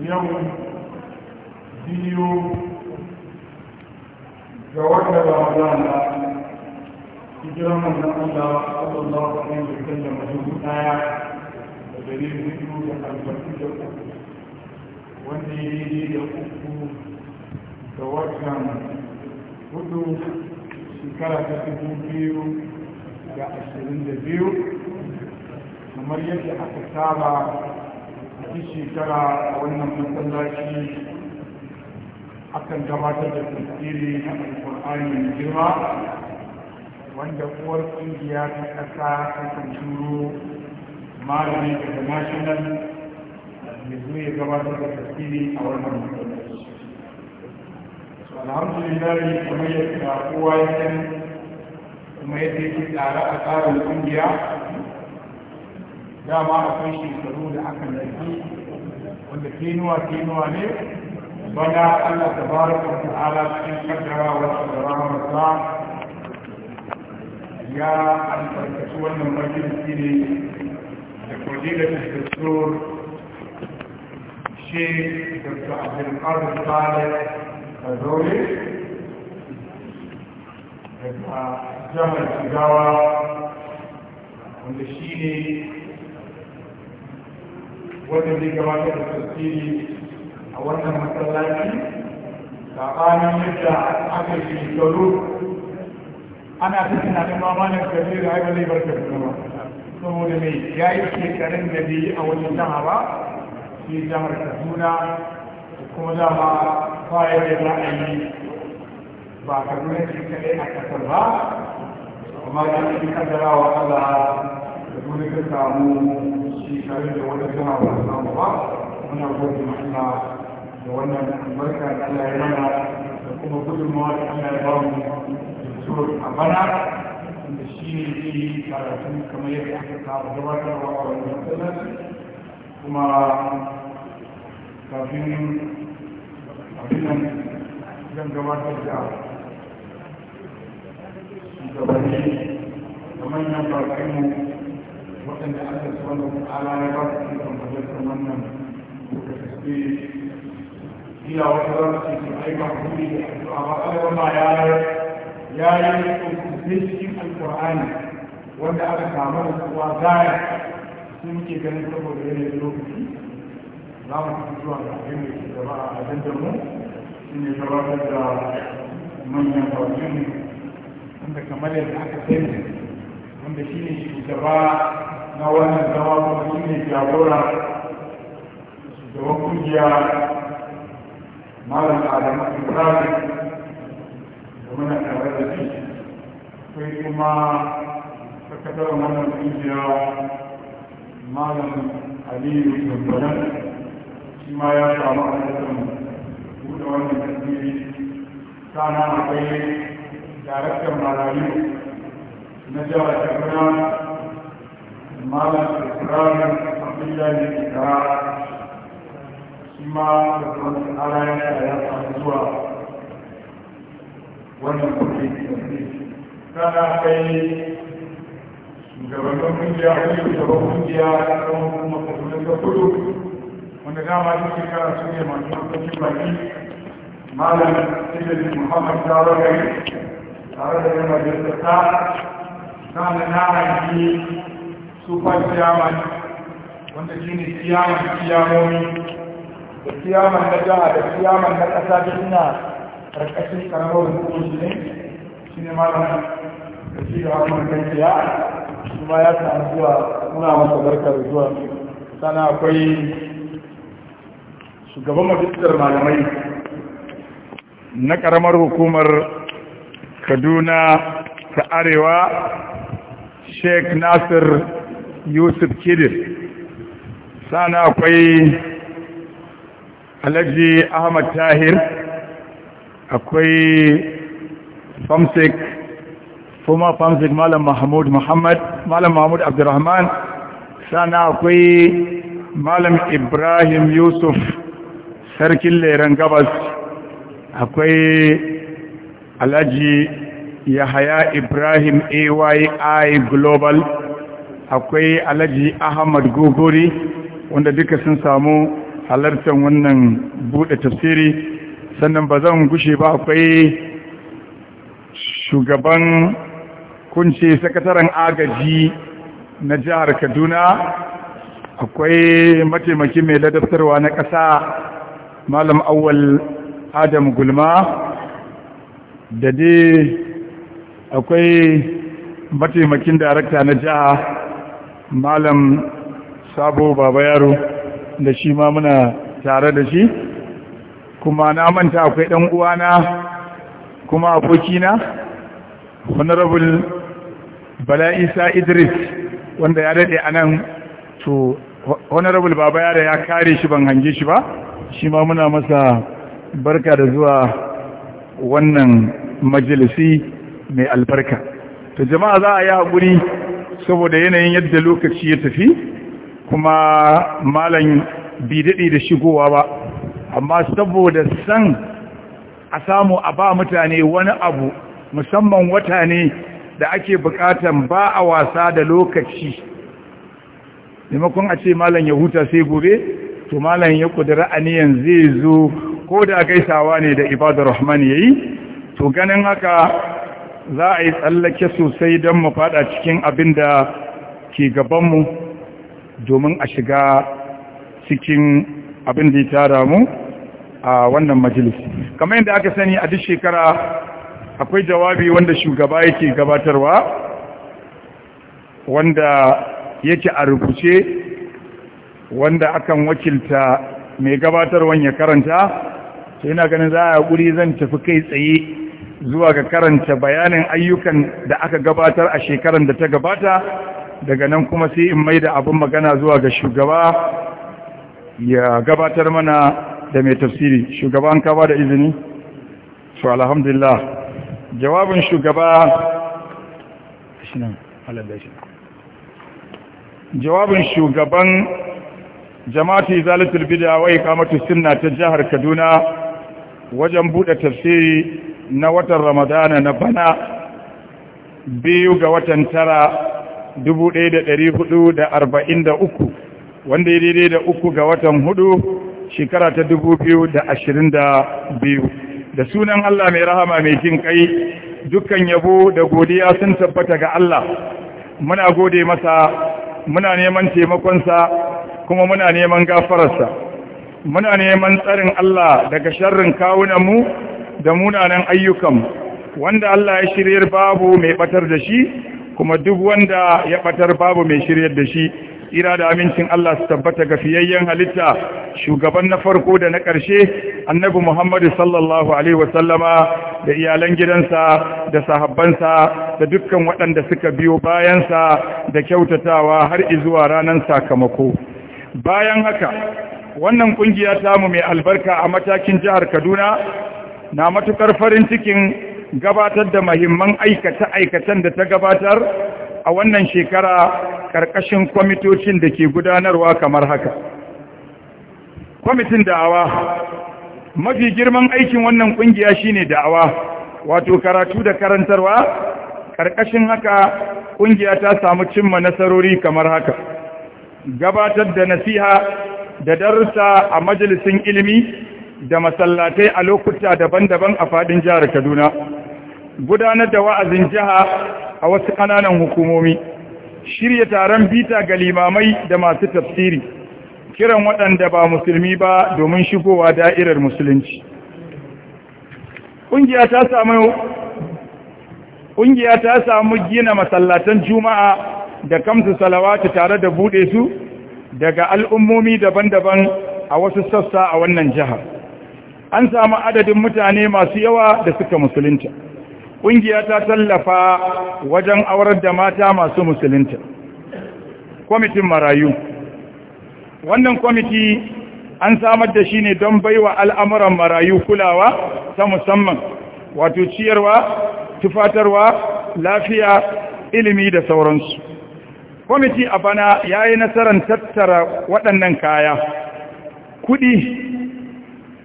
yau biyu ga wata ramadana hijiran manzan Allah sallallahu alaihi wa sallam a dubu daya da dari hudu da arba'in da uku wanda ya yi da uku ga watan hudu shekara ta dubu biyu da ashirin da biyu kamar yadda aka saba duk shekara a wannan masallaci akan gabatar da tafsiri na alkur'ani mai girma wanda uwar kungiya ta ƙasa ta kan turo malami daga national ya zo ya gabatar da tafsiri a wannan masallaci alhamdulillah kamar yadda kowa ya sani kuma yadda yake tsara a tsarin kungiya dama akwai shekaru akan laifi wanda kenuwa kenuwa ne bana Allah tabaraka wa ta'ala cikin kaddara wa rahmatsa ya albarkaci wannan majalisi ne da fadilat al-dastur Sheikh Dr. Abdul Qadir Saleh Azori daga jihar Jigawa wanda shi ne wanda zai gabatar da tasiri a wannan masallaci tsakanin yadda aka yi shekaru ana ta tunanin ma malam da ai ba zai bar kaduna ba saboda mai ya yi shekarun da bi a wajen jihar ba shi jihar kaduna kuma dama bayan da ra'ayi a ka ba kaduna ce a ƙasar ba amma ya fi wa Allah da kuma ka samu shi tare da wata tana ba samu ba muna gode ma da wannan albarka da Allah ya mana da kuma gudunmawa da Allah ya ba mu da a bana shi ne kamar yadda aka saba gabatarwa a wannan kuma kafin abin nan zan gabatar da shugabanni da manyan bakinmu waɗanda Allah subhanahu wa ta'ala ya ba su ikon halittar wannan da kaske ila wata za su ce ai ba ku ne da addu'a ba Allah ma ya ya yi hukuncin alqur'ani wanda aka samu da kuwa zaya sun muke ganin saboda yanayin lokaci za mu fi zuwa da abin da ke gaba a ajandar mu shi ne gabatar da manyan bakin da kamar yadda aka sani wanda shi ne shugaba na wannan zama kuma shi ne jagora shugaban kungiya malam adamu ibrahim da muna tare da shi sai kuma sakataren wannan kungiya malam aliyu zambaran shi ma ya samu a alaƙar buɗe wannan tasiri sana akwai daraktan marayu نجا شكران مالا إكرام عبد الله الإكرام سما شكرا على آيات الزوا ونقول كان كي shugabannin kungiya ko shugaban kungiya da kuma kuma kasuwan da kudu wanda dama duk shekara su ne masu harkokin baki malam sirri muhammad tarawai tare da yan majalisar ta sana na hanki su chairman wanda shi ne chairman chairmomi da chairman na jiha da chairman na ƙasa da suna ƙarƙashin ƙaramar hukumar ne shi ne mara da shi da hukumar kan ciya shi ma ya samu zuwa muna masa barkar zuwa sana akwai shugaban majistar malamai na ƙaramar hukumar kaduna ta arewa sheikh nasir yusuf kidir sana akwai alhaji ahmad tahir akwai famsik kuma famsik malam mahmud muhammad malam mahmud abdurrahman sana akwai malam ibrahim yusuf sarkin leren gabas akwai alhaji yahaya ibrahim AYI global akwai alhaji ahmad gogori wanda duka sun samu halartar wannan bude tafsiri sannan ba zan gushe ba akwai shugaban kunce sakataren agaji na jihar kaduna akwai mataimaki mai ladabtarwa na ƙasa malam awal adam gulma da dai akwai mataimakin darakta na jiha malam sabo baba yaro da shi ma muna tare da shi kuma na manta akwai ɗan uwana kuma abokina honorable bala isa idris wanda ya daɗe a nan to honorable baba yaro ya kare shi ban hange shi ba shi ma muna masa barka da zuwa wannan majalisi mai albarka to jama'a za a yi hakuri saboda yanayin yadda lokaci ya tafi kuma malam bi daɗi da shigowa ba amma saboda san a samu a ba mutane wani abu musamman wata ne da ake buƙatan ba a wasa da lokaci nemakon a ce malam ya huta sai gobe to malam ya kudura aniyan zai zo ko da gaisawa ne da ibadar rahman yi to ganin haka za a yi tsallake sosai don mu fada cikin abin da ke gabanmu domin a shiga cikin abin da ya tara mu a wannan majalis. kamar yadda aka sani a duk shekara akwai jawabi wanda shugaba yake gabatarwa wanda yake a rubuce wanda akan wakilta mai gabatarwan ya karanta sai na ganin za a guri zan tafi kai tsaye zuwa ga karanta bayanin ayyukan da aka gabatar a shekaran da ta gabata daga nan kuma sai in mai da abin magana zuwa ga shugaba ya gabatar mana da mai tafsiri shugaban ka ba da izini su alhamdulillah jawabin shugaba jawabin shugaban jama'atu zalatul bid'a wa iqamatu sunna ta jihar Kaduna wajen bude tafsiri na watan ramadana na bana biyu ga watan tara 1443 wanda ya daidai da uku ga watan hudu shekara ta 2022 da ashirin da sunan Allah mai rahama mai jin kai dukkan yabo da godiya sun tabbata ga Allah muna gode masa muna neman taimakonsa kuma muna neman gafararsa muna neman tsarin Allah daga sharrin kawunanmu da munanan ayyukan wanda Allah ya shiryar babu mai batar da shi kuma duk wanda ya batar babu mai shiryar da shi ira da amincin Allah su tabbata ga fiyayyen halitta shugaban na farko da na ƙarshe annabi Muhammadu sallallahu alaihi wasallama da iyalan gidansa da sahabbansa da dukkan waɗanda suka biyo bayansa da kyautatawa har izuwa ranar sakamako bayan haka wannan kungiya tamu mai albarka a matakin jihar Kaduna na matukar farin cikin gabatar da mahimman aikace-aikacen da ta gabatar a wannan shekara karkashin kwamitocin da ke gudanarwa kamar haka kwamitin da'awa mafi girman aikin wannan kungiya shine da'awa wato karatu da karantarwa Ƙarƙashin haka ƙungiya ta samu cimma nasarori kamar haka gabatar da nasiha da darussa a majalisin ilimi da masallatai a lokuta daban-daban a fadin jihar Kaduna gudanar da wa'azin jiha a wasu kananan hukumomi shirya taron bita ga limamai da masu tafsiri kiran waɗanda ba musulmi ba domin shigowa da'irar musulunci ƙungiya ta samu gina masallatan juma'a da kamsu salawatu tare da buɗe su daga al'ummomi daban-daban a wasu sassa a wannan jihar an samu adadin mutane masu yawa da suka musulunta ƙungiya ta tallafa wajen aurar da mata masu musulunta kwamitin marayu wannan kwamiti an samar da shi ne don baiwa al'amuran marayu kulawa ta musamman wato ciyarwa tufatarwa lafiya ilimi da sauransu kwamiti a bana ya yi nasarar tattara waɗannan kaya kuɗi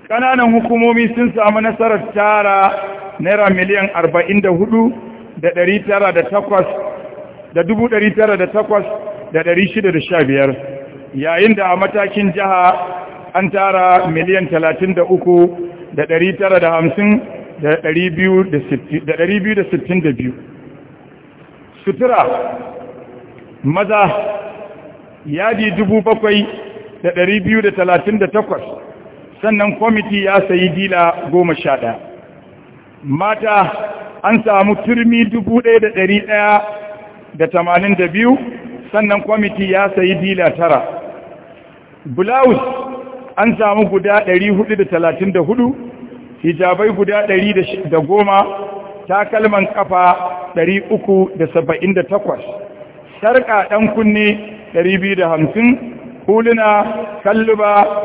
Kananan hukumomi sun samu nasarar tara naira miliyan arba'in da hudu da ɗari tara da takwas da dubu ɗari tara da takwas da ɗari shida da sha biyar yayin da a matakin jiha an tara miliyan talatin da uku da ɗari tara da hamsin da ɗari biyu da sittin da biyu sutura maza yadi dubu bakwai da ɗari biyu da talatin da takwas sannan kwamiti ya sayi dila goma sha ɗaya mata an samu turmi dubu ɗaya da ɗari ɗaya da tamanin da biyu sannan kwamiti ya sayi dila tara blouse an samu guda ɗari hudu da talatin da hudu hijabai guda ɗari da goma takalman kafa ɗari uku da saba'in da takwas sarƙa ɗan kunne ɗari biyu da hamsin huluna kalluba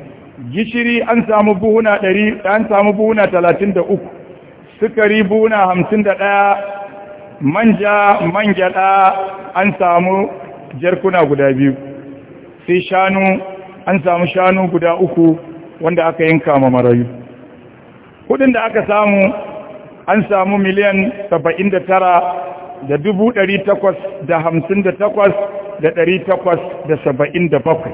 gishiri an samu buhuna ɗari an samu buhuna uku sukari buhuna ɗaya manja gyada an samu jarkuna guda biyu sai shanu an samu shanu guda uku wanda aka yanka ma marayu kudin da aka samu an samu miliyan saba'in da tara da dubu ɗari takwas da hamsin da takwas da ɗari takwas da saba'in da bakwai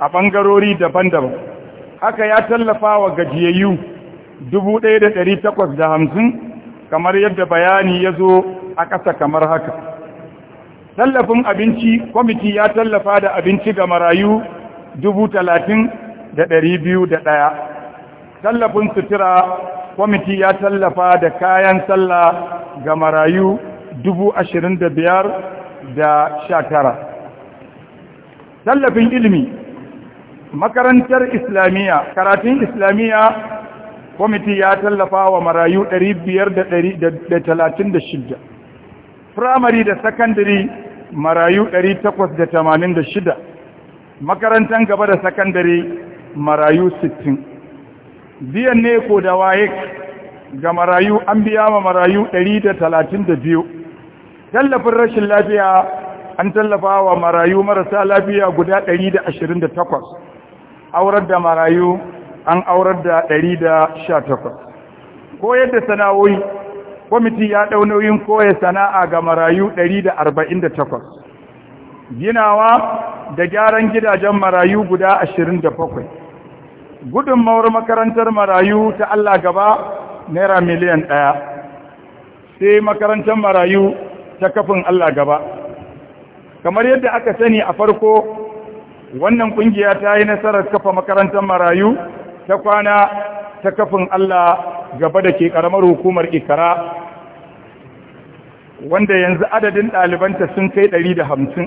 a ɓangarori daban-daban haka ya tallafa wa gajiyayyu 1,850 kamar yadda bayani ya zo a ƙasa kamar haka tallafin abinci kwamiti ya tallafa da abinci ga marayu 30,201 tallafin sutura kwamiti ya tallafa da kayan sallah ga marayu da tara. tallafin ilimi makarantar islamiyya karatun islamiyya kwamiti ya tallafa wa marayu 536 firamari da sakandare marayu 886 makarantar gaba da sakandare marayu 60 biyan ne ko da waye ga marayu an biya ma marayu 132 tallafin rashin lafiya an tallafa wa marayu marasa lafiya guda 128 aurar da marayu an aurar da 118 koyar da sana'o'i kwamiti ya ɗau nauyin koya sana'a ga marayu ɗari da 148 ginawa da gyaran gidajen marayu guda da 27 gudunmawar makarantar marayu ta Allah gaba naira miliyan ɗaya sai makarantar marayu ta kafin Allah gaba kamar yadda aka sani a farko wannan kungiya ta yi nasarar kafa makarantar marayu ta kwana ta kafin Allah gaba da ke karamar hukumar ikara wanda yanzu adadin ɗalibanta sun kai ɗari da hamsin,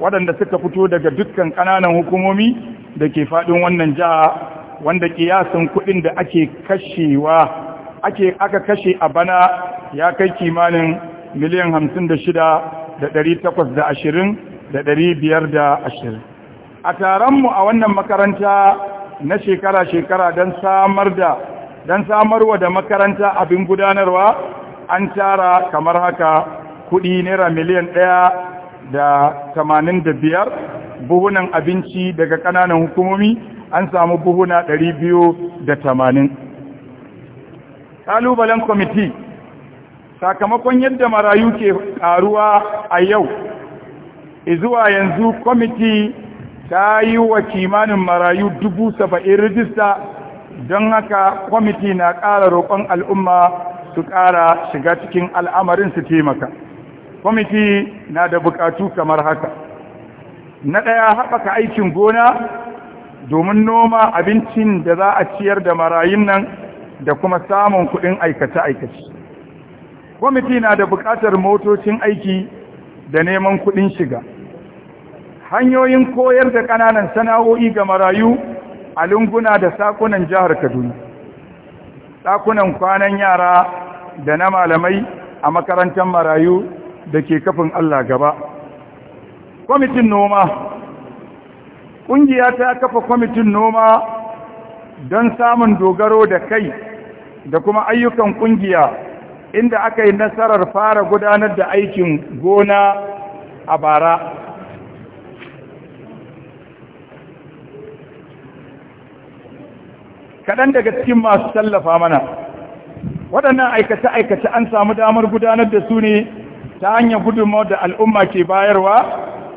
waɗanda suka fito daga dukkan ƙananan hukumomi da ke faɗin wannan jiha wanda kiyasan kuɗin da ake kashewa ake aka kashe a bana ya kai kimanin miliyan hamsin da shida da ɗari takwas da ashirin da ɗari biyar da ashirin a taronmu a wannan makaranta na shekara-shekara don samar da don samarwa da makaranta abin gudanarwa an tara kamar haka kudi naira miliyan ɗaya da tamanin da biyar buhunan abinci daga ƙananan hukumomi an samu buhuna ɗari biyu da tamanin ƙalubalen kwamiti sakamakon yadda marayu ke ƙaruwa a yau izuwa yanzu kwamiti ta yi wa kimanin marayu dubu saba'in rijista don haka kwamiti na ƙara roƙon al'umma su ƙara shiga cikin al'amarin su taimaka kwamiti na da buƙatu kamar haka na ɗaya haɓaka aikin gona domin noma abincin da za a ciyar da marayun nan da kuma samun kuɗin aikace-aikace kwamiti na da buƙatar motocin aiki da neman kuɗin shiga hanyoyin koyar da ƙananan sana'o'i ga marayu a lunguna da sakunan jihar kaduna sakunan kwanan yara da na malamai a makarantar marayu da ke kafin allah gaba kwamitin noma ƙungiya ta kafa kwamitin noma don samun dogaro da kai da kuma ayyukan ƙungiya inda aka yi nasarar fara gudanar da aikin gona a bara kaɗan daga cikin masu tallafa mana waɗannan aikace-aikace an samu damar gudanar da su ne ta hanyar gudunmawar da al'umma ke bayarwa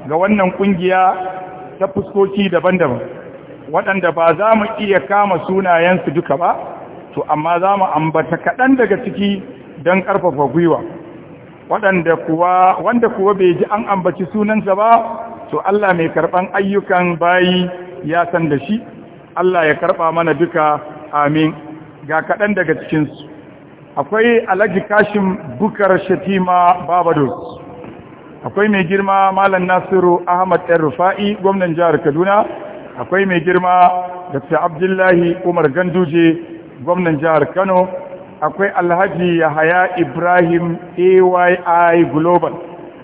ga wannan ƙungiya ta fuskoki daban-daban waɗanda ba za mu iya kama sunayensu duka ba to amma za mu ambata kaɗan daga ciki don ƙarfafa gwiwa waɗanda kuwa wanda kuwa bai ji an ambaci sunansa ba to Allah mai karɓan ayyukan bayi ya san da shi Allah ya karɓa mana duka amin ga kaɗan daga cikinsu akwai alhaji kashin bukar shatima Babadur. akwai mai girma malam nasiru ahmad ɗan rufa'i gwamnan jihar kaduna akwai mai girma dr abdullahi umar ganduje gwamnan jihar kano akwai alhaji yahaya ibrahim ayi global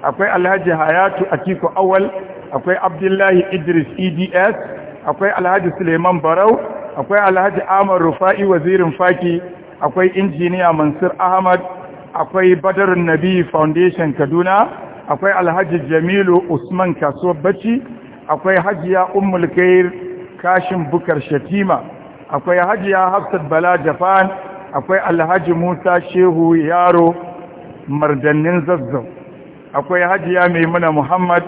akwai alhaji hayatu Akiko awal akwai abdullahi idris eds akwai alhaji suleiman barau akwai alhaji amar rufa'i wazirin faki akwai injiniya mansur ahmad akwai badarun nabi foundation kaduna akwai alhaji jamilu usman kasuwar bacci akwai hajiya ummul kair kashin bukar shatima akwai hajiya hafsat bala japan akwai alhaji musa shehu yaro mardannin zazzau akwai hajiya maimuna muhammad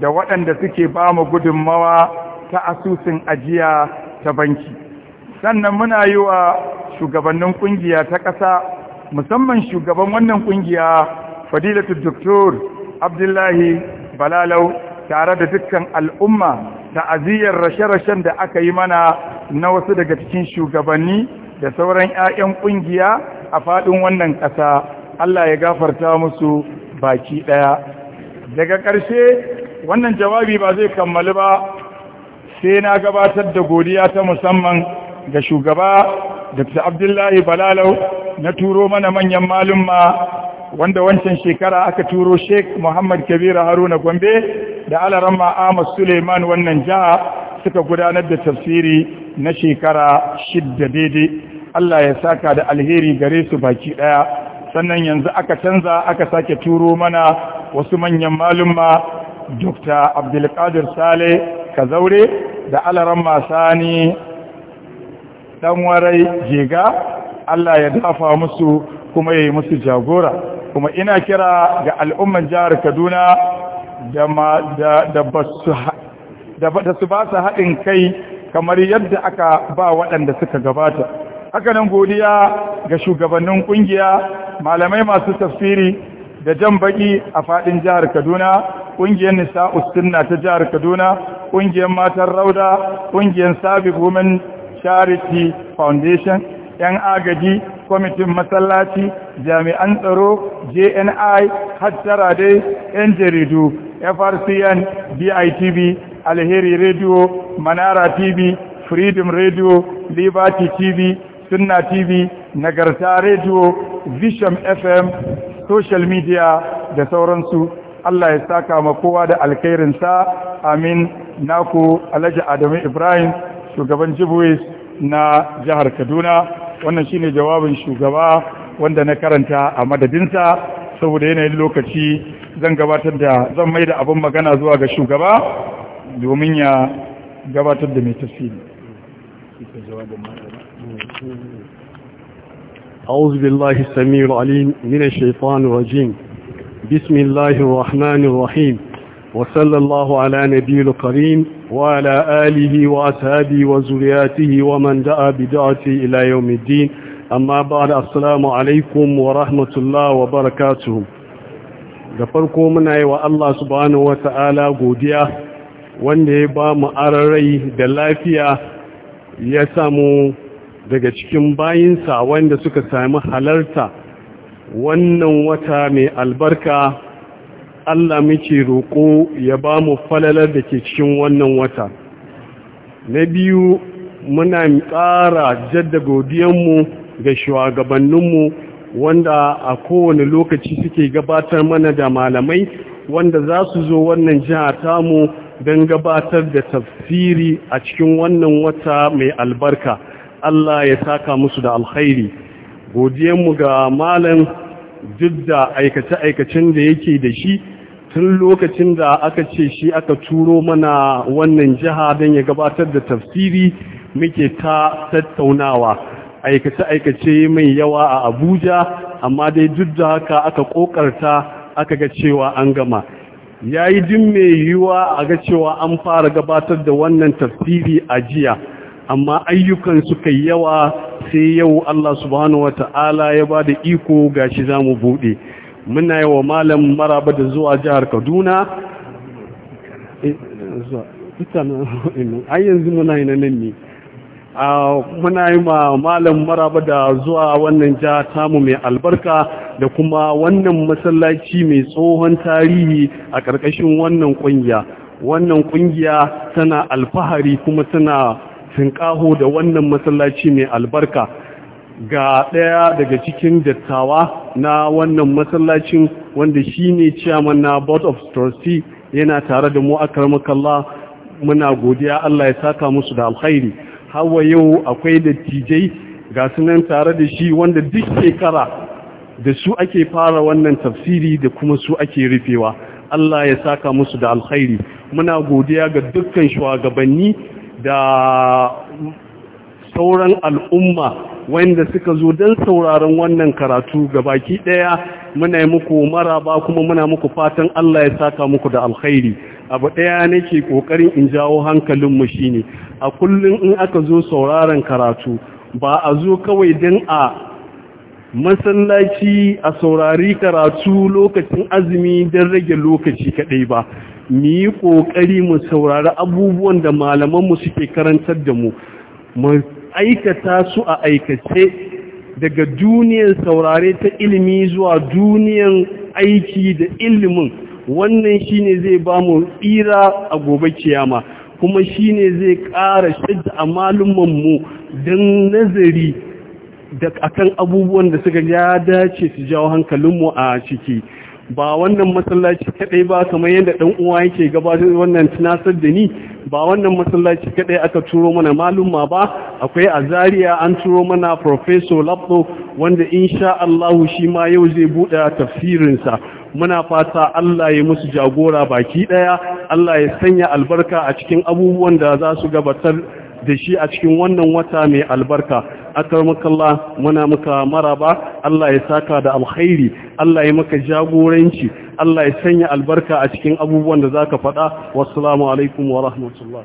da waɗanda suke ba mu gudunmawa ta asusun ajiya ta banki sannan muna yi wa shugabannin kungiya ta ƙasa musamman shugaban wannan kungiya fadilatu doktor abdullahi balalau tare da dukkan al'umma ta'aziyar rashe-rashen da aka yi mana na wasu daga cikin shugabanni da sauran 'ya'yan kungiya a faɗin wannan ƙasa Allah ya gafarta musu baki ɗaya daga ƙarshe wannan jawabi ba zai kammalu ba sai na gabatar da godiya ta musamman ga shugaba Dr. Abdullahi Balalau na turo mana manyan malumma wanda wancan shekara aka turo Sheikh Muhammad kabiru Haruna Gombe da alarama Ahmad Suleiman wannan jiha suka gudanar da tafsiri na shekara shidda daidai Allah ya saka da alheri gare su baki daya sannan yanzu aka canza aka sake turo mana wasu manyan malumma Dr. Abdulkadir Saleh Ka zaure da alaran masani ɗan warai jega Allah ya dafa musu kuma ya yi musu jagora kuma ina kira ga al'umman jihar kaduna da su ba su haɗin kai kamar yadda aka ba waɗanda suka gabata Haka nan, godiya ga shugabannin ƙungiya malamai masu tafsiri da jan baki a fadin jihar Kaduna kungiyar Nisa'us Sunna ta jihar Kaduna kungiyar Matan Rauda kungiyar Sabi Women Charity Foundation yan agaji kwamitin masallaci jami'an tsaro JNI hattara dai yan jaridu FRCN BITV Alheri Radio Manara TV Freedom Radio Liberty TV Sunna TV Nagarta Radio Vision FM social media da sauransu Allah ya saka ma kowa da alkhairinsa amin naku alhaji adamu ibrahim shugaban jibuwis na jihar kaduna wannan shine jawabin shugaba wanda na karanta a madadinsa saboda yanayin lokaci zan gabatar da zan mai da abin magana zuwa ga shugaba domin ya gabatar da mai tafsiri. أعوذ بالله السميع العليم من الشيطان الرجيم بسم الله الرحمن الرحيم وصلى الله على نبي الكريم وعلى آله وأصحابه وزرياته ومن دعا بدعته إلى يوم الدين أما بعد السلام عليكم ورحمة الله وبركاته da farko muna yi wa Allah subhanahu wa ta'ala godiya wanda ya ba mu ararai da lafiya ya samu daga cikin bayinsa wanda suka sami halarta wannan wata mai albarka Allah muke roƙo ya ba mu falalar da ke cikin wannan wata na biyu muna ƙara jadda godiyanmu ga shugabanninmu wanda a kowane lokaci suke gabatar mana da malamai wanda za su zo wannan jiha tamu don gabatar da tafsiri a cikin wannan wata mai albarka Allah ya saka musu da alkhairi godiyanmu ga malam duk da aikace-aikacen da yake da shi tun lokacin da aka ce shi aka turo mana wannan jiha don ya gabatar da tafsiri muke ta tattaunawa aikace-aikace mai yawa a abuja amma dai duk da haka aka kokarta aka ga cewa an gama ya yi jin mai yiwuwa a ga cewa an fara gabatar da wannan tafsiri a jiya amma ayyukan suka yi yawa sai yau Allah subhanahu wata'ala ya ba da iko gashi za mu buɗe muna yawa malam maraba da zuwa jihar kaduna eh, a yanzu muna yi nan ne muna yi ma malam maraba da zuwa wannan ja tamu mai albarka da kuma wannan masallaci mai tsohon tarihi a ƙarƙashin wannan ƙungiya wannan ƙungiya tana alfahari kuma tana tinkaho da wannan masallaci mai albarka ga ɗaya daga cikin dattawa na wannan masallacin wanda shi ne chairman na board of trustee yana tare da mu akarmakalla muna godiya Allah ya saka musu da alkhairi hawa yau akwai dattijai ga sunan tare da shi wanda duk shekara da su ake fara wannan tafsiri da kuma su ake rufewa Allah ya saka musu da alkhairi muna godiya ga dukkan shugabanni da sauran al'umma wanda suka zo don sauraron wannan karatu ga baki ɗaya muna yi muku maraba kuma muna muku fatan Allah ya saka muku da alkhairi abu ɗaya nake ƙoƙarin in jawo hankalinmu shine a kullum in aka zo sauraron karatu ba a zo kawai don a masallaci a saurari karatu lokacin azumi don rage lokaci kaɗai ba mu yi ƙoƙari mu saurari abubuwan da malamanmu suke karantar da mu mu aikata su a aikace daga duniyar saurare ta ilimi zuwa duniyar aiki da ilimin wannan shine zai ba mu tsira a gobe kiyama kuma shine zai ƙara shadda a malumanmu don nazari da akan abubuwan da suka ya dace su jawo hankalinmu a ciki ba wannan masallaci kadai ba kamar yadda dan uwa yake gabatar wannan tunasar da ni ba wannan masallaci kadai aka turo mana malumma ba akwai a Zaria an turo mana professor Labdo wanda insha Allah shi ma yau zai buɗe tafsirinsa muna fata Allah ya musu jagora baki ɗaya, Allah ya sanya albarka a cikin abubuwan da za su gabatar da shi a cikin wannan wata mai albarka akarmakallah muna muka maraba Allah ya saka da alkhairi Allah ya maka jagoranci Allah ya sanya albarka a cikin abubuwan da zaka faɗa wassalamu alaikum wa rahmatullah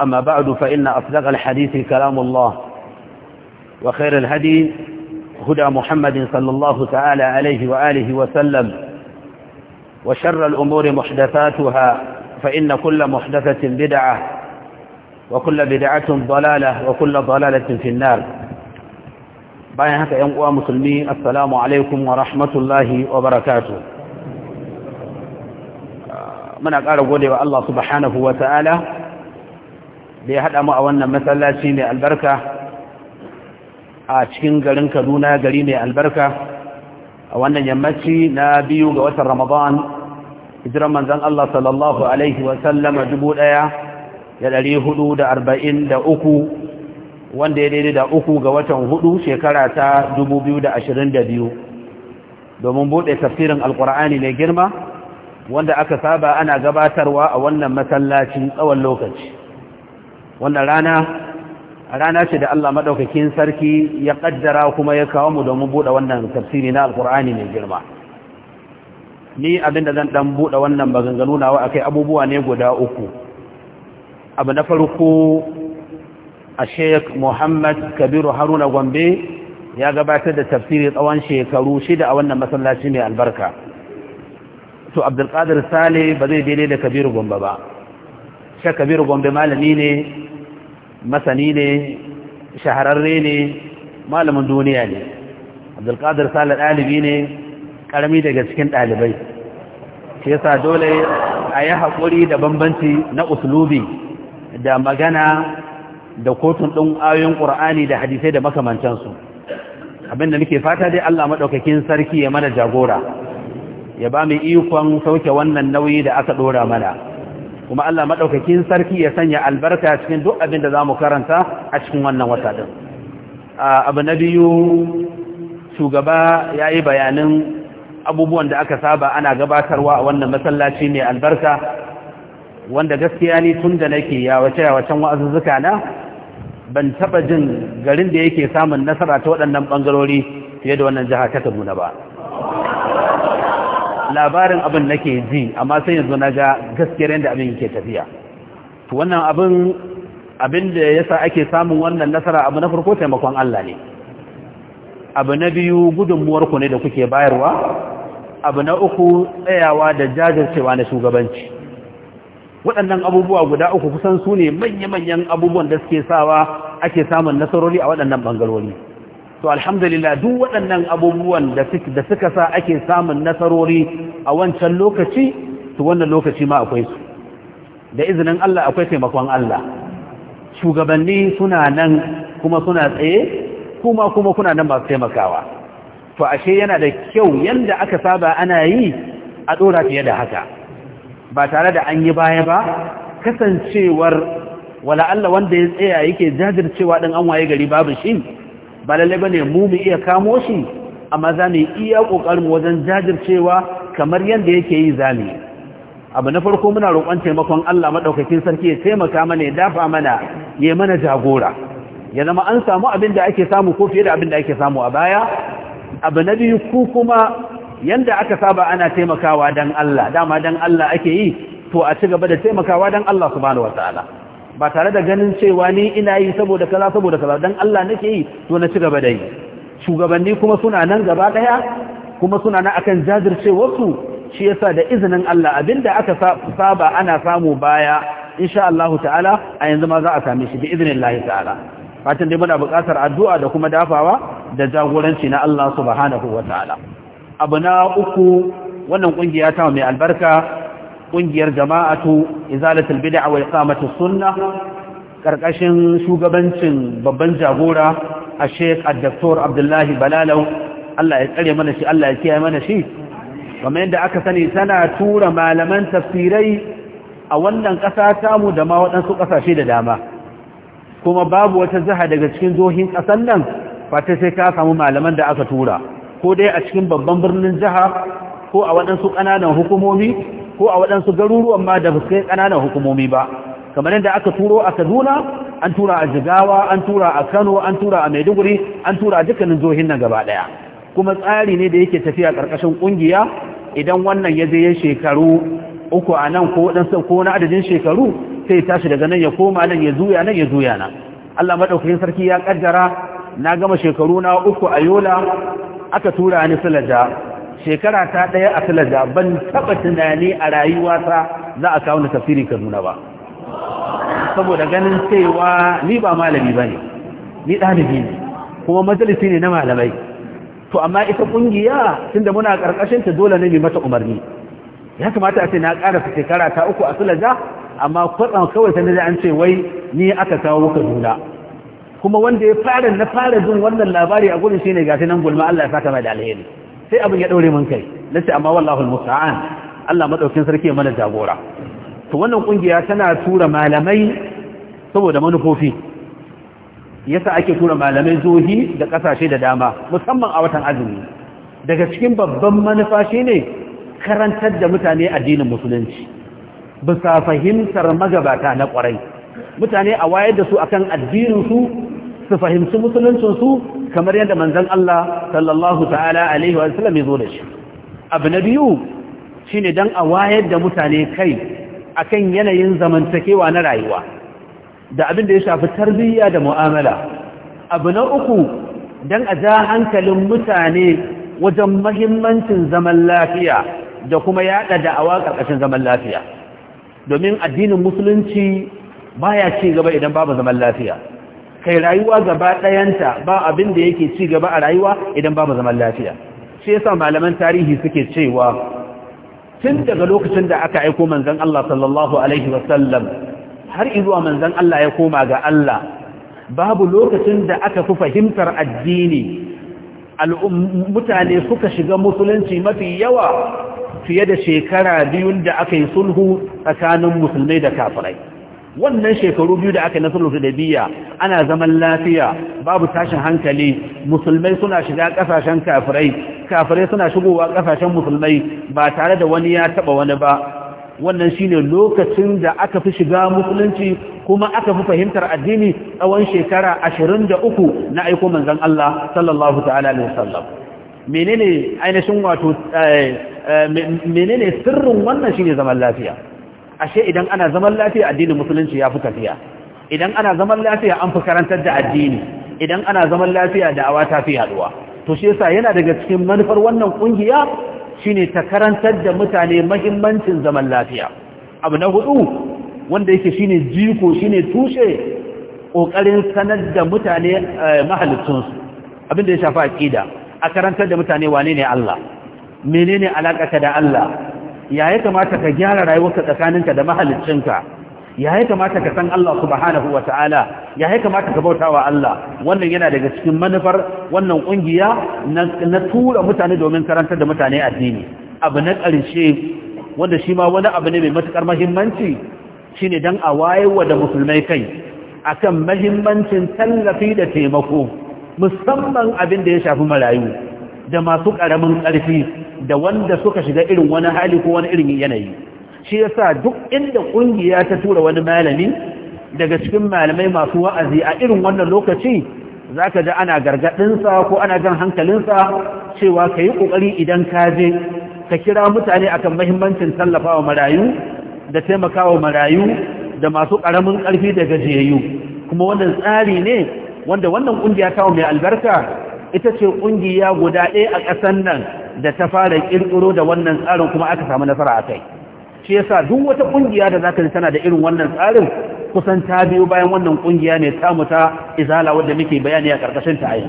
أما بعد فإن أصدق الحديث كلام الله وخير الهدي هدى محمد صلى الله تعالى عليه وآله وسلم وشر الأمور محدثاتها فإن كل محدثة بدعة وكل بدعة ضلالة وكل ضلالة في النار بعدها هكا ينقوى مسلمي السلام عليكم ورحمة الله وبركاته آه، من أقارب ودي الله سبحانه وتعالى da ya haɗa mu a wannan masallaci mai albarka a cikin garin kaduna gari mai albarka a wannan yammaci na biyu ga watan ramadan hijiran manzan Allah sallallahu Alaihi wasallama dubu ɗaya da ɗari hudu da arba'in da uku wanda ya daidai da uku ga watan hudu shekara ta dubu biyu da ashirin da biyu domin buɗe tafsirin alkur'ani mai girma wanda aka saba ana gabatarwa a wannan masallacin tsawon lokaci wannan rana rana ce da Allah madaukakin sarki ya kaddara kuma ya kawo mu domin bude wannan tafsiri na alkur'ani mai girma ni abinda zan dan bude wannan maganganu nawa akai abubuwa ne guda uku abu na farko a Sheikh Muhammad Kabiru Haruna Gombe ya gabatar da tafsiri tsawon shekaru shida a wannan masallaci mai albarka to Abdul Qadir Sale ba zai daidai da Kabiru Gombe ba Sheikh Kabiru Gombe malami ne masani ne shahararre ne malamin duniya ne abdulkadir sale ɗalibi ne ƙarami daga cikin ɗalibai shi yasa dole a yi haƙuri da bambanci na uslubi da magana da kotun ɗin ayoyin ƙur'ani da hadisai da su abinda muke fata dai Allah maɗaukakin sarki ya mana jagora ya ba mu ikon sauke wannan nauyi da aka ɗora mana kuma Allah maɗaukakin sarki ya sanya albarka cikin duk abin da zamu karanta a cikin wannan wata din abu na biyu shugaba yayi bayanin abubuwan da aka saba ana gabatarwa a wannan masallaci mai albarka wanda gaskiya ni tun da nake ya wace ya wacan na ban taba jin garin da yake samun nasara ta waɗannan bangarori fiye da wannan jiha ta Kaduna ba labarin abin nake ji amma sai yanzu na ga gaskiyar yadda abin yake tafiya to wannan abin abin da yasa ake samun wannan nasara abu na farko taimakon Allah ne abu na biyu gudunmuwar ku ne da kuke bayarwa abu na uku tsayawa da jajircewa na shugabanci waɗannan abubuwa guda uku kusan su ne manya-manyan abubuwan da suke sawa ake samun nasarori a waɗannan ɓangarori to alhamdulillah duk waɗannan abubuwan da suka sa ake samun nasarori a wancan lokaci to wannan lokaci ma akwai su da izinin Allah akwai taimakon Allah shugabanni suna nan kuma suna tsaye kuma kuma kuna nan masu taimakawa to ashe yana da kyau yanda aka saba ana yi a ɗora fiye da haka ba tare da an yi baya ba kasancewar wala Allah wanda ya tsaya yake jajircewa ɗin an waye gari babu shi ba lalle ne mu mu iya kamo shi amma za mu iya kokarin wajen jajircewa kamar yadda yake yi zami abu na farko muna roƙon taimakon Allah madaukakin sarki ya taimaka mana ya dafa mana ya mana jagora ya zama an samu abin da ake samu ko fiye da abin da ake samu a baya abu na biyu ku kuma yanda aka saba ana taimakawa dan Allah dama dan Allah ake yi to a ci gaba da taimakawa dan Allah subhanahu wataala ba tare da ganin cewa ni ina yi saboda kaza saboda kaza dan Allah nake yi to na ci gaba da yi shugabanni kuma suna nan gaba daya kuma suna nan akan jajircewar su shi yasa da izinin Allah abinda aka saba ana samu baya insha Allah ta'ala a yanzu ma za a same shi bi idnillahi ta'ala fatan dai muna buƙatar addu'a da kuma dafawa da jagoranci na Allah subhanahu wa ta'ala abu na uku wannan kungiya ta mai albarka Ƙungiyar jama'atu izalatul bid'a wa iqamatus sunna, karkashin shugabancin babban jagora a Sheikh Dr. Abdullahi Balalau Allah ya tsare mana shi Allah ya kiyaye mana shi kamar da aka sani tana tura malaman tafsirai a wannan ƙasa tamu da ma waɗansu ƙasashe da dama kuma babu wata jiha daga cikin zohin ƙasar nan fata sai ka samu malaman da aka tura ko dai a cikin babban birnin jiha ko a waɗansu ƙananan hukumomi ko a waɗansu garuruwan ma da fuskai ƙananan hukumomi ba kamar yadda aka turo a kaduna an tura a jigawa an tura a kano an tura a maiduguri an tura a dukkanin jihohin nan gaba ɗaya kuma tsari ne da yake tafiya ƙarƙashin ƙungiya idan wannan ya je ya shekaru uku a nan ko waɗansu ko na adadin shekaru sai tashi daga nan ya koma nan ya zuya nan ya zuya nan allah maɗaukakin sarki ya ƙaddara na gama shekaru na uku a yola aka tura ni silaja shekara ta ɗaya a talaga ban taɓa tunani a rayuwata za a kawo na tafsirin kaduna ba saboda ganin cewa ni ba malami ba ne ni ɗalibi ne kuma majalisi ne na malamai to amma ita ƙungiya tunda muna karkashin ta dole ne mai mata umarni ya kamata a ce na ƙara shekara ta uku a talaga amma kwatsan kawai ta da an ce wai ni aka kawo kaduna kuma wanda ya fara na fara jin wannan labari a gurin shine gashi nan gulma Allah ya saka mai da alheri sai abin ya daure mun kai ce amma wallahi almusta'an Allah madaukin sarki mana jagora to wannan ƙungiya tana tura malamai saboda manufofi yasa ake tura malamai zohi da kasashe da dama musamman a watan azumi daga cikin babban manufa ne karantar da mutane addinin musulunci bisa fahimtar magabata na kwarai mutane a wayar da su akan addinin su su fahimci musuluncinsu kamar yadda manzan Allah sallallahu ta'ala alaihi wa sallam ya zo da shi abu na biyu shine dan a wayar da mutane kai akan yanayin zamantakewa na rayuwa da abin da ya shafi tarbiyya da mu'amala abu na uku dan a ja hankalin mutane wajen mahimmancin zaman lafiya da kuma yaɗa da'awa ƙarƙashin zaman lafiya domin addinin musulunci baya ci gaba idan babu zaman lafiya kai rayuwa gaba ɗayanta ba abin da yake ci gaba a rayuwa idan babu zaman lafiya shi yasa malaman tarihi suke cewa tun daga lokacin da aka aiko manzon Allah sallallahu alaihi wasallam har izuwa manzon Allah ya koma ga Allah babu lokacin da aka fi fahimtar addini mutane suka shiga musulunci mafi yawa fiye da shekara biyun da aka yi sulhu tsakanin musulmai da kafirai wannan shekaru biyu da aka nasarar da hudaybiya ana zaman lafiya babu tashin hankali musulmai suna shiga kasashen kafirai kafirai suna shigowa kasashen musulmai ba tare da wani ya taba wani ba wannan shine lokacin da aka fi shiga musulunci kuma aka fi fahimtar addini tsawon shekara 23 na aiko manzon Allah sallallahu ta'ala alaihi wasallam menene ainihin wato eh, eh, menene sirrin wannan shine zaman lafiya ashe idan ana zaman lafiya addinin musulunci ya fi tafiya idan ana zaman lafiya an fi karantar da addini idan ana zaman lafiya da'awa ta fi haduwa to shi yasa yana daga cikin manufar wannan kungiya shine ta karantar da mutane mahimmancin zaman lafiya abu na hudu wanda yake shine jiko shine tushe kokarin sanar da mutane eh, mahalittun abin da ya shafi aqida a karantar da mutane wane ne Allah menene alaka da Allah ya ya kamata ka gyara rayuwarka tsakaninka da mahaliccinka ya ya kamata ka san Allah subhanahu wa ta'ala ya ya kamata ka bauta wa Allah wannan yana daga cikin manufar wannan ƙungiya na tura mutane domin karantar da mutane addini abu na ƙarshe wanda shi ma wani abu ne mai matukar mahimmanci ne don a wayewa da musulmai kai akan mahimmancin tallafi da taimako musamman abin da ya shafi marayu da masu ƙaramin ƙarfi da wanda suka shiga irin wani hali ko wani irin yanayi shi yasa duk inda ƙungiya ta tura wani malami daga cikin malamai masu wa'azi a irin wannan lokaci zaka ji ana gargadinsa ko ana jan hankalinsa cewa ka yi ƙoƙari idan ka je ka kira mutane akan mahimmancin tallafawa marayu da taimakawa marayu da masu ƙaramin ƙarfi da gajiyayyu kuma wannan tsari ne wanda wannan ƙungiya ta mai albarka ita ce ƙungiya guda ɗaya a ƙasar nan da ta fara ƙirƙiro da wannan tsarin kuma aka samu nasara a kai shi yasa duk wata ƙungiya da za ji tana da irin wannan tsarin kusan ta biyo bayan wannan ƙungiya ne ta muta izala wadda muke bayani a ƙarƙashin ta ayi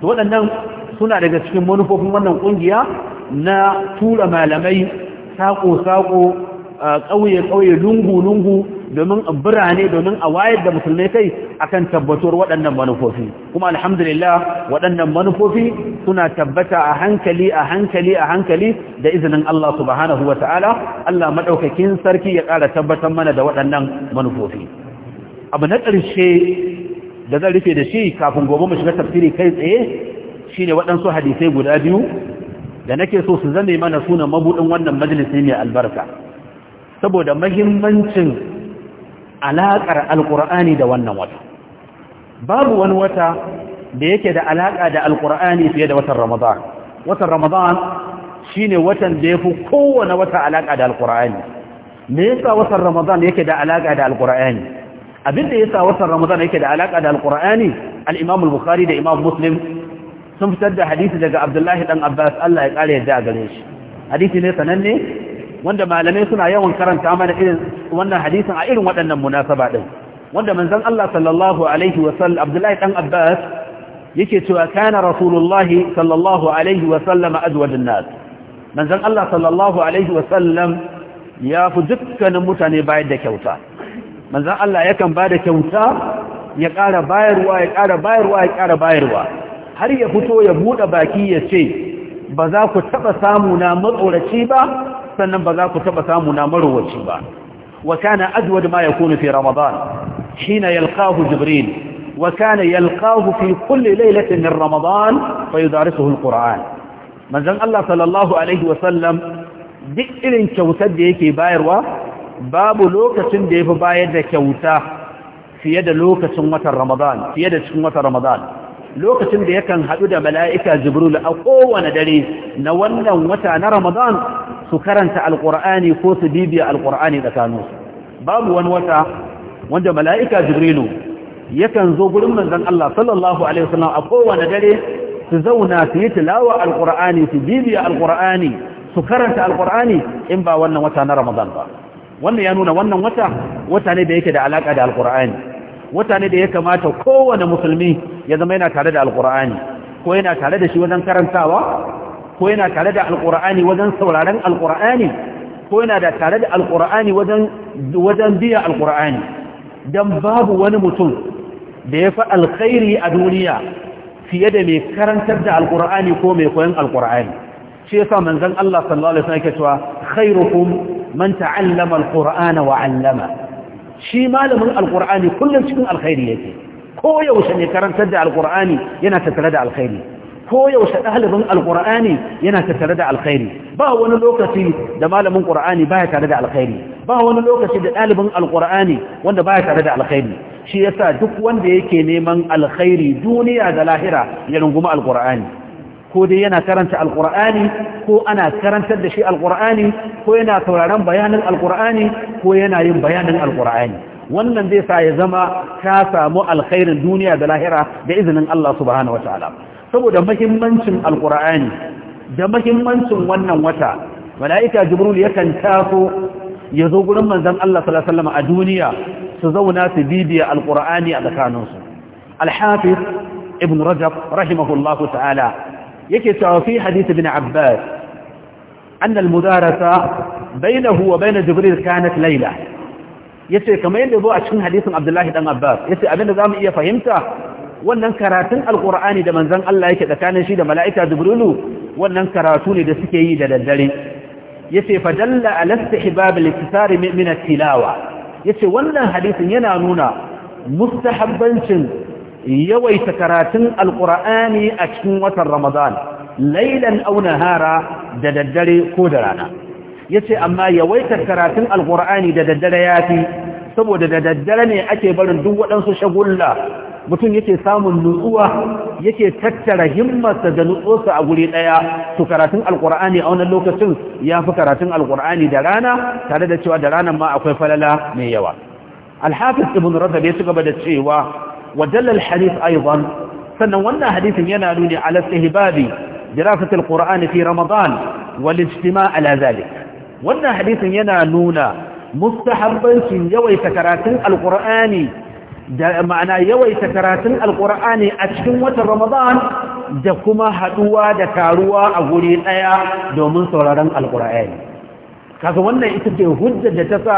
to waɗannan suna daga cikin manufofin wannan ƙungiya na tura malamai sako-sako ƙauye-ƙauye lungu-lungu domin birane domin a wayar da musulmai kai akan tabbatuwar waɗannan manufofi kuma alhamdulillah waɗannan manufofi suna tabbata a hankali a hankali a hankali da izinin Allah subhanahu wa ta'ala Allah maɗaukakin sarki ya ƙara tabbatar mana da waɗannan manufofi abu na ƙarshe da zan rufe da shi kafin gobe mu shiga tafsiri kai tsaye shine waɗansu hadisai guda biyu da nake so su zame mana sunan mabuɗin wannan majalisi mai albarka saboda mahimmancin alaƙar alƙur'ani da wannan wata babu wani wata da yake da alaƙa da alƙur'ani fiye da watan ramadan watan ramadan ne watan da ya fi kowane wata alaƙa da alƙur'ani me ya yasa watan ramadan yake da alaƙa da alƙur'ani abinda yasa watan ramadan yake da alaƙa da alƙur'ani al-imam bukhari da imam muslim sun fitar da hadisi daga abdullahi ɗan abbas Allah ya kare yadda a gare shi hadisi ne sananne wanda malamai suna yawan karanta mana irin wannan hadisin a irin waɗannan munasaba ɗin wanda manzon Allah sallallahu alaihi wa sallam Abdullahi dan Abbas yake cewa kana rasulullahi sallallahu alaihi wa sallam azwajun nas manzon Allah sallallahu alaihi wa sallam ya fi dukkanin mutane bayar da kyauta manzon Allah yakan bada kyauta ya ƙara bayarwa ya ƙara bayarwa ya ƙara bayarwa har ya fito ya buɗe baki ya ce ba za ku taɓa samu na matsoraci ba sannan ba za ku taba samu na marowaci ba wa kana ajwad ma yakunu fi ramadan hina yalqahu jibril wa kana yalqahu fi kulli laylatin min ramadan fa yudarisuhu alquran manzon Allah sallallahu alaihi wa sallam duk irin kyautar da yake bayarwa babu lokacin da yafi bayar da kyauta fiye da lokacin watan ramadan fiye da cikin watan ramadan lokacin da yakan haɗu da mala'ika jibril a kowane dare na wannan wata na ramadan su karanta alƙur'ani ko su bibiya alƙur'ani tsakaninsu babu wani wata wanda mala'ika jibrilu yakan zo gurin manzon Allah sallallahu alaihi wasallam a kowane dare su zauna su yi tilawa Alƙur'ani, su bibiya Alƙur'ani, su karanta Alƙur'ani, in ba wannan wata na Ramadan ba wannan ya nuna wannan wata wata ne da yake da alaka da Alƙur'ani. wata ne da ya kamata kowane musulmi ya zama yana tare da Alƙur'ani ko yana tare da shi wajen karantawa ko yana tare da alkur'ani wajen sauraren alkur'ani? ko yana da tare da alkur'ani wajen biya alkur'ani? don babu wani mutum da ya fi alkhairi a duniya fiye da mai karantar da alkur'ani ko mai koyan alkur'ani? shi yasa manzon Allah sallallahu alaihi wasallam yake cewa khairukum man ta'allama alkur'ana wa 'allama shi malamin alkur'ani kullum cikin alkhairi yake ko yaushe ne karantar da alkur'ani yana tattare da alkhairi koyaushe ɗalibin alƙur'ani yana tattare da alkhairi ba wani lokaci da malamin ƙur'ani baya tare da alkhairi ba wani lokaci da ɗalibin alƙur'ani wanda baya tare da alkhairi shi yasa duk wanda yake neman alkhairi duniya da lahira ya runguma alƙur'ani ko dai yana karanta alƙur'ani ko ana karantar da shi alƙur'ani ko yana sauraron bayanin alƙur'ani ko yana yin bayanin alƙur'ani wannan zai sa ya zama ka samu alkhairin duniya da lahira da izinin Allah subhanahu saboda mahimmancin alkur'ani da mahimmancin wannan wata mala'ika jibril yakan taso ya zo gurin manzon Allah sallallahu alaihi wasallam a duniya su zauna su bibiya alkur'ani a tsakaninsu al-hafiz ibn rajab rahimahullahu ta'ala yake cewa fi hadith ibn abbas anna al-mudarasa bainahu wa bain jibril kanat layla yace kamar yadda zo a cikin hadisin abdullahi dan abbas yace abinda zamu iya fahimta wannan karatun alkur'ani da manzan Allah yake tsakanin shi da mala'ika jibrilu wannan karatu ne da suke yi da daddare yace fa dalla ala istihbab al-iktisar min at-tilawa yace wannan hadisin yana nuna mustahabbancin yawaita karatun alkur'ani a cikin watan ramadan lailan aw nahara da daddare ko da rana yace amma yawaita karatun alkur'ani da daddare yafi saboda da daddare ne ake barin duk waɗansu shagulla mutum yake samun nutsuwa yake tattara himmarsa da nutsuwarsa a guri ɗaya to karatun alkur'ani a wannan lokacin ya fi karatun alkur'ani da rana tare da cewa da ranar ma akwai falala mai yawa alhafiz ibn rajab ya ci gaba da cewa wa hadis hadith aidan sannan wannan hadisin yana nuni ala istihbabi دراسة القرآن في رمضان والاجتماع على ذلك وانا حديث ينا نونا مستحبا يوي سكرات القرآن da ma'ana yawaita karatun alkur'ani a cikin watan ramadan da kuma haduwa da taruwa a guri daya domin sauraron alkur'ani kaga wannan ita ce hujjar da ta sa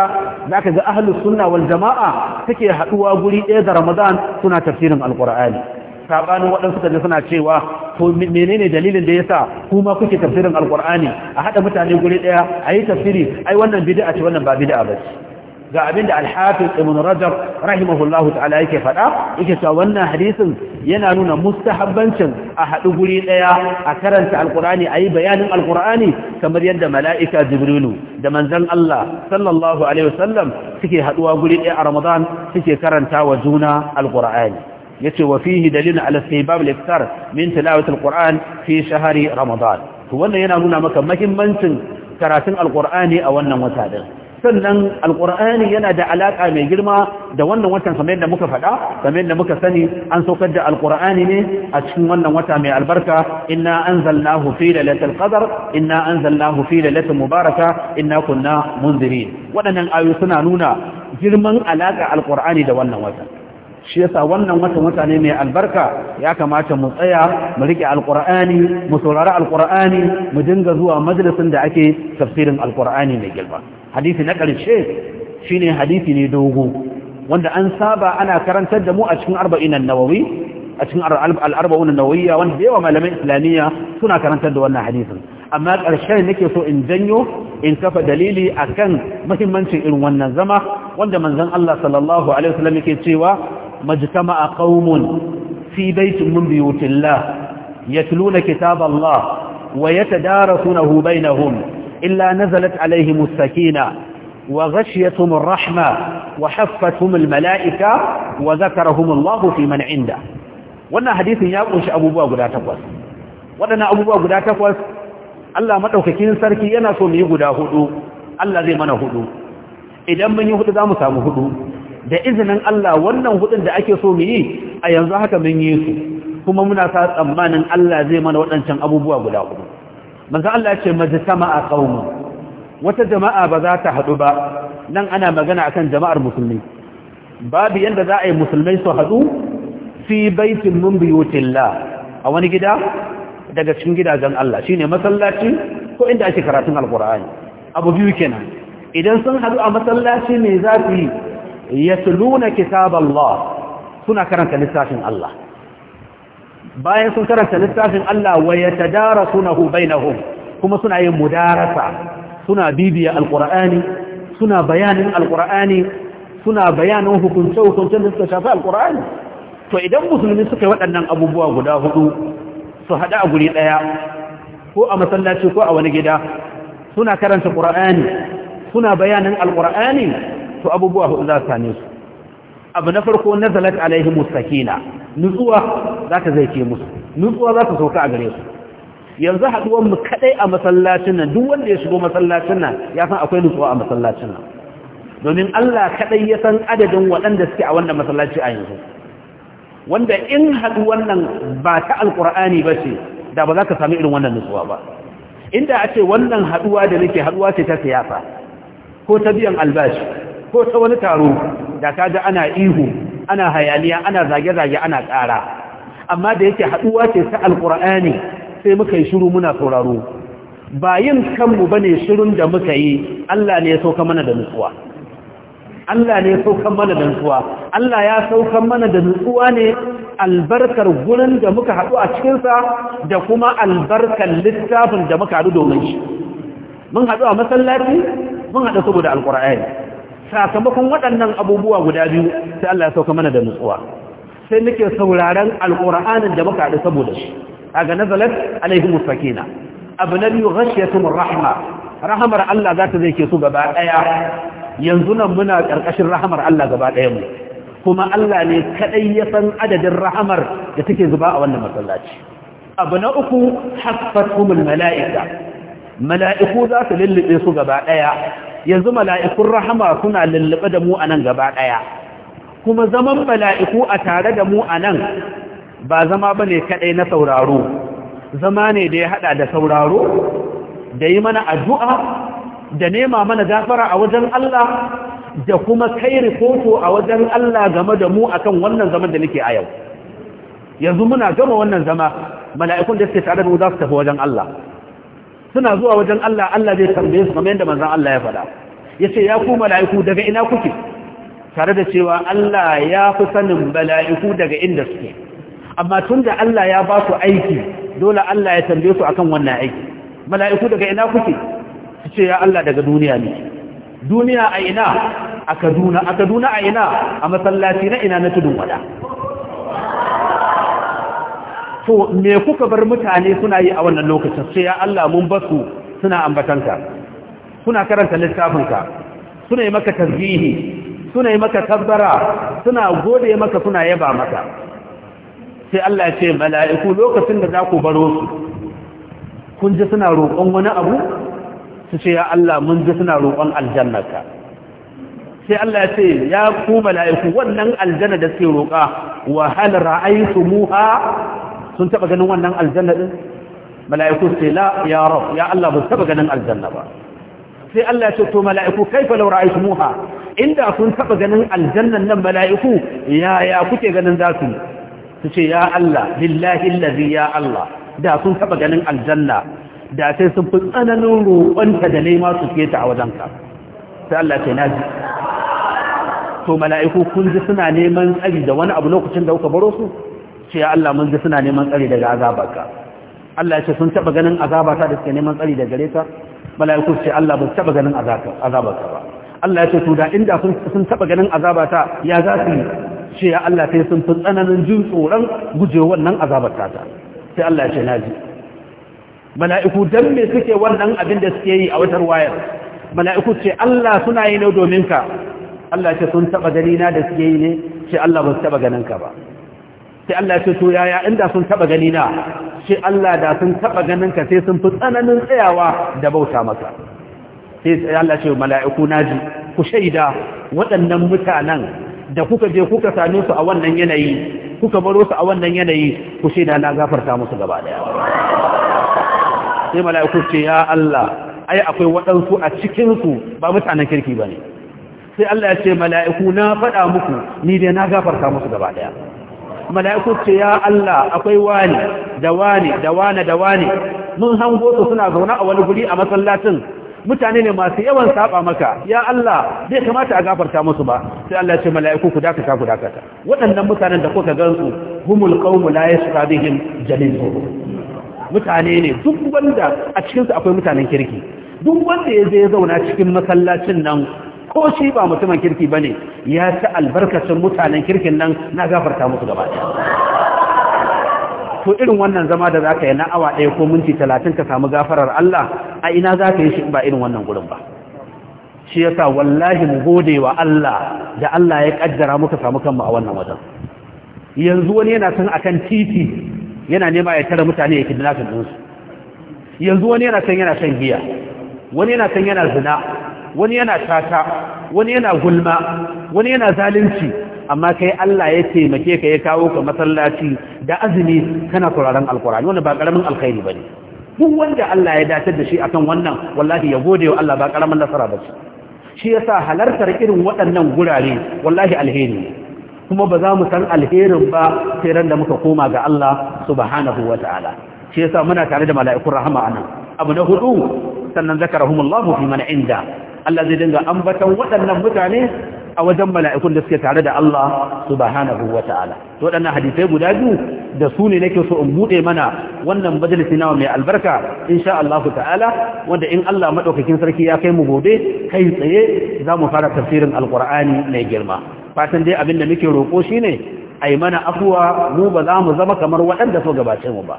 zaka ga ahlus sunna wal jama'a take haduwa guri daya da ramadan suna tafsirin alkur'ani sabanin waɗansu da suna cewa to menene dalilin da yasa kuma kuke tafsirin alkur'ani a hada mutane guri daya ayi tafsiri ai wannan bid'a ce wannan ba bid'a bace ga abin da alhafiz ibn rajab rahimahullahu ta'ala yake faɗa yake cewa wannan hadisin yana nuna mustahabbancin a haɗu guri ɗaya a karanta alkur'ani a yi bayanin alkur'ani kamar yadda mala'ika jibrilu da manzon Allah sallallahu alaihi wasallam suke haɗuwa guri ɗaya a ramadan suke karanta wa juna alkur'ani yace wa fihi dalilun ala istihbab al-iftar min tilawati al-Qur'an fi shahri Ramadan to wannan yana nuna maka muhimmancin karatun al a wannan wata din sannan alkur'ani yana da alaka mai girma da wannan watan kamar yadda muka faɗa kamar yadda muka sani an saukar da alkur'ani ne a cikin wannan wata mai albarka inna anzalnahu fi lailatul qadr inna anzalnahu fi lailatul mubaraka inna kunna munzirin Wadannan ayoyi suna nuna girman alaƙa alkur'ani da wannan watan shi yasa wannan wata mutane mai albarka ya kamata mu tsaya mu rike alkur'ani mu saurari alkur'ani mu dinga zuwa majalisin da ake tafsirin alkur'ani mai girma hadisi na ƙarshe shine hadisi ne dogo wanda an saba ana karantar da mu a cikin arba'in nawawi a cikin al'arba'un nawawiyya wanda da yawa malaman islamiyya suna karantar da wannan hadisin amma ƙarshen nake so in janyo in kafa dalili akan mahimmancin irin wannan zama wanda manzon Allah sallallahu alaihi wasallam yake cewa majtama'a qaumun fi baitin min buyutillah yatluna kitaballah wa yatadarasunahu bainahum Illa إلا نزلت عليهم السكينة وغشيتهم الرحمة وحفتهم الملائكة وذكرهم الله في من inda. wannan hadisin ya kunshi abubuwa guda takwas waɗannan abubuwa guda takwas Allah madaukakin sarki yana so mu yi guda hudu Allah zai mana hudu idan mun yi hudu za mu samu hudu da izinin Allah wannan huɗun da ake so mu yi a yanzu haka mun yi su kuma muna sa tsammanin Allah zai mana waɗancan abubuwa guda hudu manzo Allah ya ce majtama'a qaumun wata jama'a ba za ta hadu ba nan ana magana akan jama'ar musulmi babu yanda za a yi musulmai su hadu fi baitin min buyutillah a wani gida daga cikin gidajen Allah shine masallaci ko inda ake karatun alqur'ani abu biyu kenan idan sun hadu a masallaci ne za su yi yatluna kitaballah suna karanta littafin Allah bayan sun karanta littafin Allah wa yatadarasunahu bainahum kuma suna yin mudarasa suna bibiya alqur'ani suna bayanin alqur'ani suna bayanin hukunce hukuncen da suka shafi alqur'ani to idan musulmi suka yi waɗannan abubuwa guda hudu su hada a guri daya ko a masallaci ko a wani gida suna karanta qur'ani suna bayanin alqur'ani to abubuwa hudu za su same su abu na farko nazalat alaihimus sakina nutsuwa za ta zai ke musu nutsuwa za ta sauka a gare su yanzu haɗuwar mu kaɗai a masallacin nan duk wanda ya shigo masallacin nan ya san akwai nutsuwa a masallacin nan domin Allah kaɗai ya san adadin waɗanda suke a wannan masallaci a yanzu wanda in haɗu wannan ba ta alƙur'ani ba ce da ba za ka sami irin wannan nutsuwa ba inda a ce wannan haɗuwa da nake haɗuwa ce ta siyasa ko ta biyan albashi ko ta wani taro da ka ga ana ihu ana hayaniya ana zage-zage ana ƙara amma da yake haɗuwa ce ta alƙur'ani sai muka yi shiru muna sauraro ba yin kanmu ba ne shirun da muka yi Allah ne ya sauka mana da nutsuwa Allah ne ya saukan mana da nutsuwa Allah ya saukan mana da nutsuwa ne albarkar gurin da muka haɗu a cikinsa da kuma albarkar littafin da muka haɗu domin shi mun haɗu a masallaci mun haɗu saboda alƙur'ani sakamakon waɗannan abubuwa guda biyu sai Allah ya sauka mana da nutsuwa sai nake sauraron alƙur'anin da muka haɗu saboda shi aga nazalat alaihimus sakina abu na biyu rahma rahamar Allah za ta zai ke su gaba ɗaya yanzu nan muna ƙarƙashin rahamar Allah gaba ɗaya mu kuma Allah ne kaɗai ya san adadin rahamar da take zuba a wannan masallaci abu na uku haffat mala'ika mala'iku za su lullube su gaba ɗaya yanzu mala'ikun rahama suna lullube da mu a nan gaba ɗaya kuma zaman mala'iku a tare da mu a nan ba zama ba ne kaɗai na sauraro zama ne da ya haɗa da sauraro da yi mana addu'a da nema mana gafara a wajen Allah da kuma kai rikoto a wajen Allah game da mu akan wannan zaman da nake a yau yanzu muna gama wannan zama mala'ikun da suke tare da mu za su tafi wajen Allah suna zuwa wajen Allah Allah zai tambaye su kamar yadda manzon Allah ya faɗa yace ya ku mala'iku daga ina kuke tare da cewa Allah ya fi sanin mala'iku daga inda suke amma tunda Allah ya ba su aiki dole Allah ya tambaye su akan wannan aiki mala'iku daga ina kuke su ce ya Allah daga duniya ne duniya a ina a Kaduna a Kaduna a ina a masallaci na ina na tudun wada to me kuka bar mutane suna yi a wannan lokacin sai ya Allah mun basu suna ambatanka suna karanta littafinka suna yi maka tasbihi suna yi maka kabbara suna gode maka suna yaba maka sai Allah ya ce mala'iku lokacin da za ku baro su kun ji suna roƙon wani abu su ce ya Allah mun ji suna roƙon aljannarka sai Allah ya ce ya ku mala'iku wannan aljanna da suke roƙa wa hal ra'aytumuha sun taba ganin wannan aljanna din mala'iku sai la ya rab ya Allah ba taba ganin aljanna ba sai Allah ya ce to mala'iku kaifa law ra'aytumuha inda sun taba ganin aljannan nan mala'iku ya ya kuke ganin za su su ce ya Allah lillahi allazi ya Allah da sun taba ganin aljanna da sai sun fi tsananin roƙonta da nema su ke ta a wajenka sai Allah ce na ji to mala'iku kun ji suna neman tsari da wani abu lokacin da kuka baro su ce ya Allah mun ji suna neman tsari daga azabarka Allah ya ce sun taba ganin azabata da suke neman tsari daga gare ta mala'iku ce Allah ba taba ganin azabarka ba Allah ya ce to da inda sun taba ganin azabata ya za su ce ya Allah sai sun fi tsananin jin tsoron gujewa wannan azabarta ta sai Allah ya ce na ji mala'iku dan me suke wannan abin da suke yi a wutar wayar mala'iku ce Allah suna yi ne domin ka Allah ya ce sun taba ganina da suke yi ne ce Allah ba su taba ganin ka ba sai Allah ya ce to yaya inda sun taba gani na shi Allah da sun taba ganin ka sai sun fi tsananin tsayawa da bauta maka sai Allah ce mala'iku naji ku shaida waɗannan mutanen da kuka je kuka same su a wannan yanayi kuka baro su a wannan yanayi ku shaida na gafarta musu gaba daya sai mala'iku ce ya Allah ai akwai waɗansu a cikin su ba mutanen kirki bane sai Allah ya ce mala'iku na faɗa muku ni dai na gafarta musu gaba daya mala'iku ce ya Allah akwai wani da wani da wani da wani mun hango su suna zaune a wani guri a masallacin mutane ne masu yawan saba maka ya Allah bai kamata a gafarta musu ba sai Allah ce mala'iku ku dakata ku dakata waɗannan mutanen da kuka gansu humul qaumu la yashqa jalil mutane ne duk wanda a cikin akwai mutanen kirki duk wanda ya je ya zauna cikin masallacin nan ko shi ba mutumin kirki ba ne ya ta albarkacin mutanen kirkin nan na gafarta musu gaba to irin wannan zama da za ka yi na awa ɗaya ko minti talatin ka samu gafarar Allah a ina za ka yi shi ba irin wannan gurin ba shi yasa wallahi mu gode wa Allah da Allah ya kaddara muka samu kanmu a wannan wajen yanzu wani yana san akan titi yana nema ya tara mutane ya kidnapin ɗinsu yanzu wani yana san yana son giya wani yana san yana zina wani yana tata wani yana gulma wani yana zalunci amma kai Allah ya taimake ka ya kawo ka masallaci da azumi kana turaren alkurani wani ba karamin alkhairi ba ne duk wanda Allah ya datar da shi akan wannan wallahi ya gode wa Allah ba karamin nasara ba shi sa halartar irin waɗannan gurare wallahi alheri kuma ba za mu san alherin ba sai ran da muka koma ga Allah subhanahu ta'ala shi yasa muna tare da mala'ikun rahama anan abu na hudu sannan zakarahumullahu fi man inda Allah zai dinga ambaton waɗannan mutane a wajen mala'ikun da suke tare da Allah subhanahu wa ta'ala to waɗannan hadisai guda biyu da su ne nake so in buɗe mana wannan majalisi nawa mai albarka sha Allah ta'ala wanda in Allah madaukakin sarki ya kai mu gobe kai tsaye za mu fara tafsirin Alƙur'ani mai girma fatan dai abin da muke roƙo shine ai mana afuwa mu ba za mu zama kamar waɗanda so gabace mu ba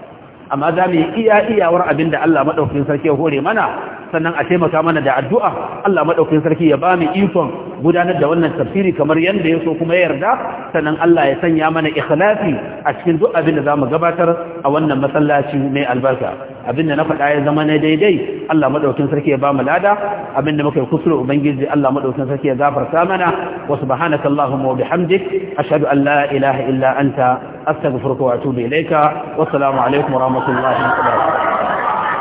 amma za mu yi iya iyawar abin da Allah maɗaukakin sarki ya hore mana sannan a taimaka mana da addu'a Allah madaukakin sarki ya ba mu ikon gudanar da wannan tafsiri kamar yadda ya so kuma ya yarda sannan Allah ya sanya mana ikhlasi a cikin duk abin da mu gabatar a wannan masallaci mai albarka abin da na faɗa ya zama na daidai Allah madaukakin sarki ya ba mu lada abin da muka yi kusuru ubangiji Allah madaukakin sarki ya sa mana wa subhanaka allahumma wa bihamdik ashhadu an la ilaha illa anta astaghfiruka wa atubu ilayka wa assalamu alaikum wa rahmatullahi wa barakatuh